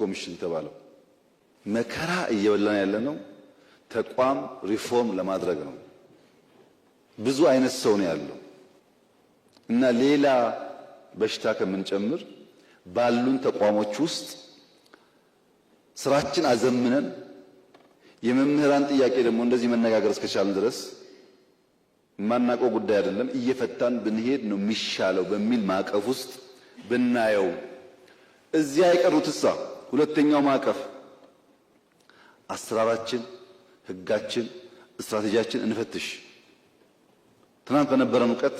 ኮሚሽን የተባለው መከራ እየበላን ነው። ተቋም ሪፎርም ለማድረግ ነው። ብዙ አይነት ሰው ነው ያለው እና ሌላ በሽታ ከምንጨምር ባሉን ተቋሞች ውስጥ ስራችን አዘምነን የመምህራን ጥያቄ ደግሞ እንደዚህ መነጋገር እስከቻልን ድረስ የማናውቀው ጉዳይ አይደለም፣ እየፈታን ብንሄድ ነው የሚሻለው በሚል ማዕቀፍ ውስጥ ብናየው እዚያ የቀሩት እሳ ሁለተኛው ማዕቀፍ አሰራራችን፣ ህጋችን፣ ስትራቴጂያችን እንፈትሽ። ትናንት በነበረን እውቀት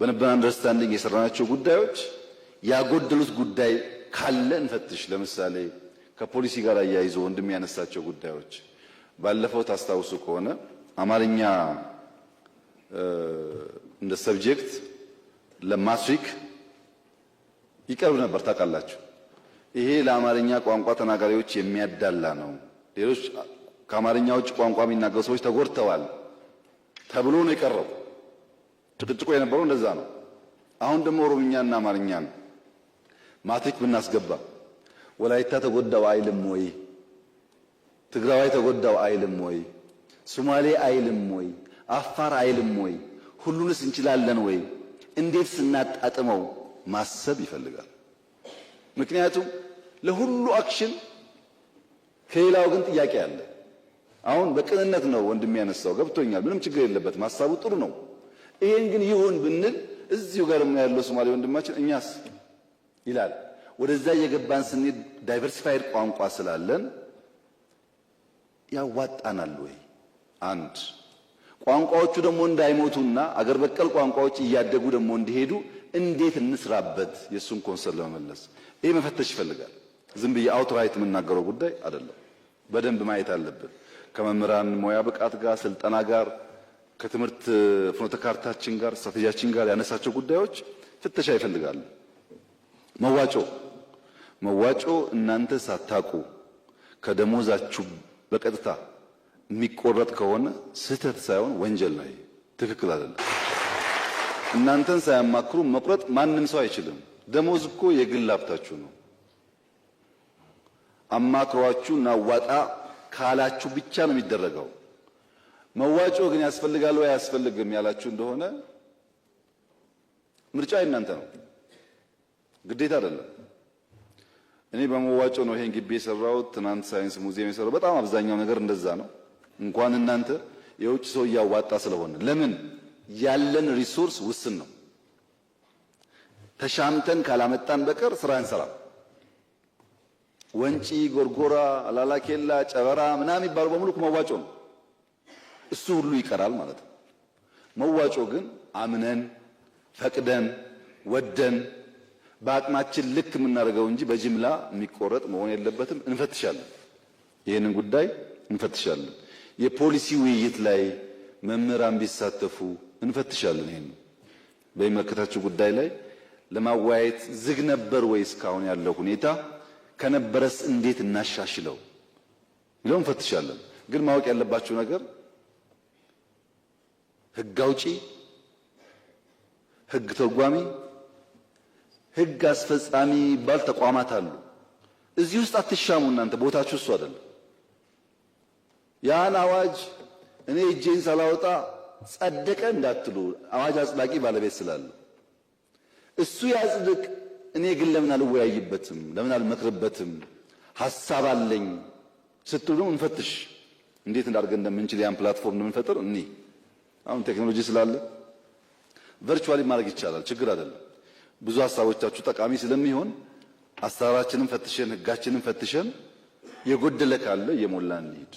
በነበረን አንደርስታንዲንግ የሰራናቸው ጉዳዮች ያጎደሉት ጉዳይ ካለ እንፈትሽ። ለምሳሌ ከፖሊሲ ጋር አያይዞ ወንድም ያነሳቸው ጉዳዮች ባለፈው ታስታውሱ ከሆነ አማርኛ እንደ ሰብጀክት ለማትሪክ ይቀርብ ነበር ታውቃላችሁ። ይሄ ለአማርኛ ቋንቋ ተናጋሪዎች የሚያዳላ ነው፣ ሌሎች ከአማርኛ ውጭ ቋንቋ የሚናገሩ ሰዎች ተጎድተዋል ተብሎ ነው የቀረው። ጭቅጭቁ የነበረው እንደዛ ነው። አሁን ደግሞ ኦሮምኛና አማርኛ ነው። ማትሪክ ብናስገባ ወላይታ ተጎዳው አይልም ወይ? ትግራዋይ ተጎዳው አይልም ወይ? ሶማሌ አይልም ወይ? አፋር አይልም ወይ? ሁሉንስ እንችላለን ወይ? እንዴት ስናጣጥመው ማሰብ ይፈልጋል። ምክንያቱም ለሁሉ አክሽን ከሌላው ግን ጥያቄ አለ። አሁን በቅንነት ነው ወንድም ያነሳው፣ ገብቶኛል። ምንም ችግር የለበትም፣ ሀሳቡ ጥሩ ነው። ይሄን ግን ይሁን ብንል እዚሁ ጋር ያለው ሶማሌ ወንድማችን እኛስ ይላል። ወደዛ እየገባን ስንሄድ ዳይቨርሲፋይድ ቋንቋ ስላለን ያዋጣናል ወይ? አንድ ቋንቋዎቹ ደግሞ እንዳይሞቱና አገር በቀል ቋንቋዎች እያደጉ ደግሞ እንዲሄዱ እንዴት እንስራበት የእሱን ኮንሰርን ለመመለስ ይህ መፈተሽ ይፈልጋል። ዝም ብዬ አውትራይት የምናገረው ጉዳይ አይደለም። በደንብ ማየት አለብን። ከመምህራን ሙያ ብቃት ጋር፣ ስልጠና ጋር፣ ከትምህርት ፍኖተ ካርታችን ጋር፣ ስትራቴጂያችን ጋር ያነሳቸው ጉዳዮች ፍተሻ ይፈልጋሉ። መዋጮ መዋጮ እናንተ ሳታቁ ከደሞዛችሁ በቀጥታ የሚቆረጥ ከሆነ ስህተት ሳይሆን ወንጀል ነው። ትክክል አይደለም። እናንተን ሳያማክሩ መቁረጥ ማንም ሰው አይችልም። ደሞዝ እኮ የግል ሀብታችሁ ነው። አማክሯችሁ እናዋጣ ካላችሁ ብቻ ነው የሚደረገው። መዋጮ ግን ያስፈልጋል ወይ አያስፈልግም ያላችሁ እንደሆነ ምርጫ የእናንተ ነው፣ ግዴታ አይደለም። እኔ በመዋጮ ነው ይሄን ግቢ የሰራሁት፣ ትናንት ሳይንስ ሙዚየም የሰራው በጣም አብዛኛው ነገር እንደዛ ነው። እንኳን እናንተ የውጭ ሰው እያዋጣ ስለሆነ ለምን ያለን ሪሶርስ ውስን ነው። ተሻምተን ካላመጣን በቀር ስራ አንሰራም። ወንጪ፣ ጎርጎራ፣ አላላኬላ፣ ጨበራ ምናምን የሚባሉ በሙሉ መዋጮ ነው። እሱ ሁሉ ይቀራል ማለት ነው። መዋጮ ግን አምነን ፈቅደን ወደን በአቅማችን ልክ የምናደርገው እንጂ በጅምላ የሚቆረጥ መሆን የለበትም። እንፈትሻለን፣ ይህንን ጉዳይ እንፈትሻለን። የፖሊሲ ውይይት ላይ መምህራን ቢሳተፉ እንፈትሻለን። ይሄን በሚመለከታቸው ጉዳይ ላይ ለማወያየት ዝግ ነበር ወይ? እስካሁን ያለው ሁኔታ ከነበረስ እንዴት እናሻሽለው ይለው እንፈትሻለን። ግን ማወቅ ያለባቸው ነገር ህግ አውጪ፣ ህግ ተጓሚ ህግ አስፈጻሚ ባል ተቋማት አሉ። እዚህ ውስጥ አትሻሙ እናንተ ቦታችሁ እሱ አይደለም ያን አዋጅ እኔ እጄን ሳላወጣ ጸደቀ እንዳትሉ አዋጅ አጽዳቂ ባለቤት ስላለ እሱ ያጽድቅ። እኔ ግን ለምን አልወያይበትም? ለምን አልመክርበትም? ሀሳብ አለኝ ስትሉ እንፈትሽ። እንዴት እንዳድርገን እንደምንችል ያን ፕላትፎርም እንደምንፈጥር እኔ አሁን ቴክኖሎጂ ስላለ ቨርቹዋሊ ማድረግ ይቻላል። ችግር አይደለም። ብዙ ሀሳቦቻችሁ ጠቃሚ ስለሚሆን አሰራራችንም ፈትሸን ህጋችንን ፈትሸን የጎደለ ካለ እየሞላ እንሂድ።